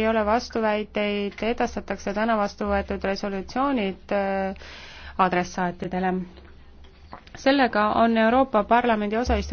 ei ole vastuväiteid, edastatakse täna vastu võetud resolutsioonid äh, adressaatidele. sellega on Euroopa Parlamendi osaistung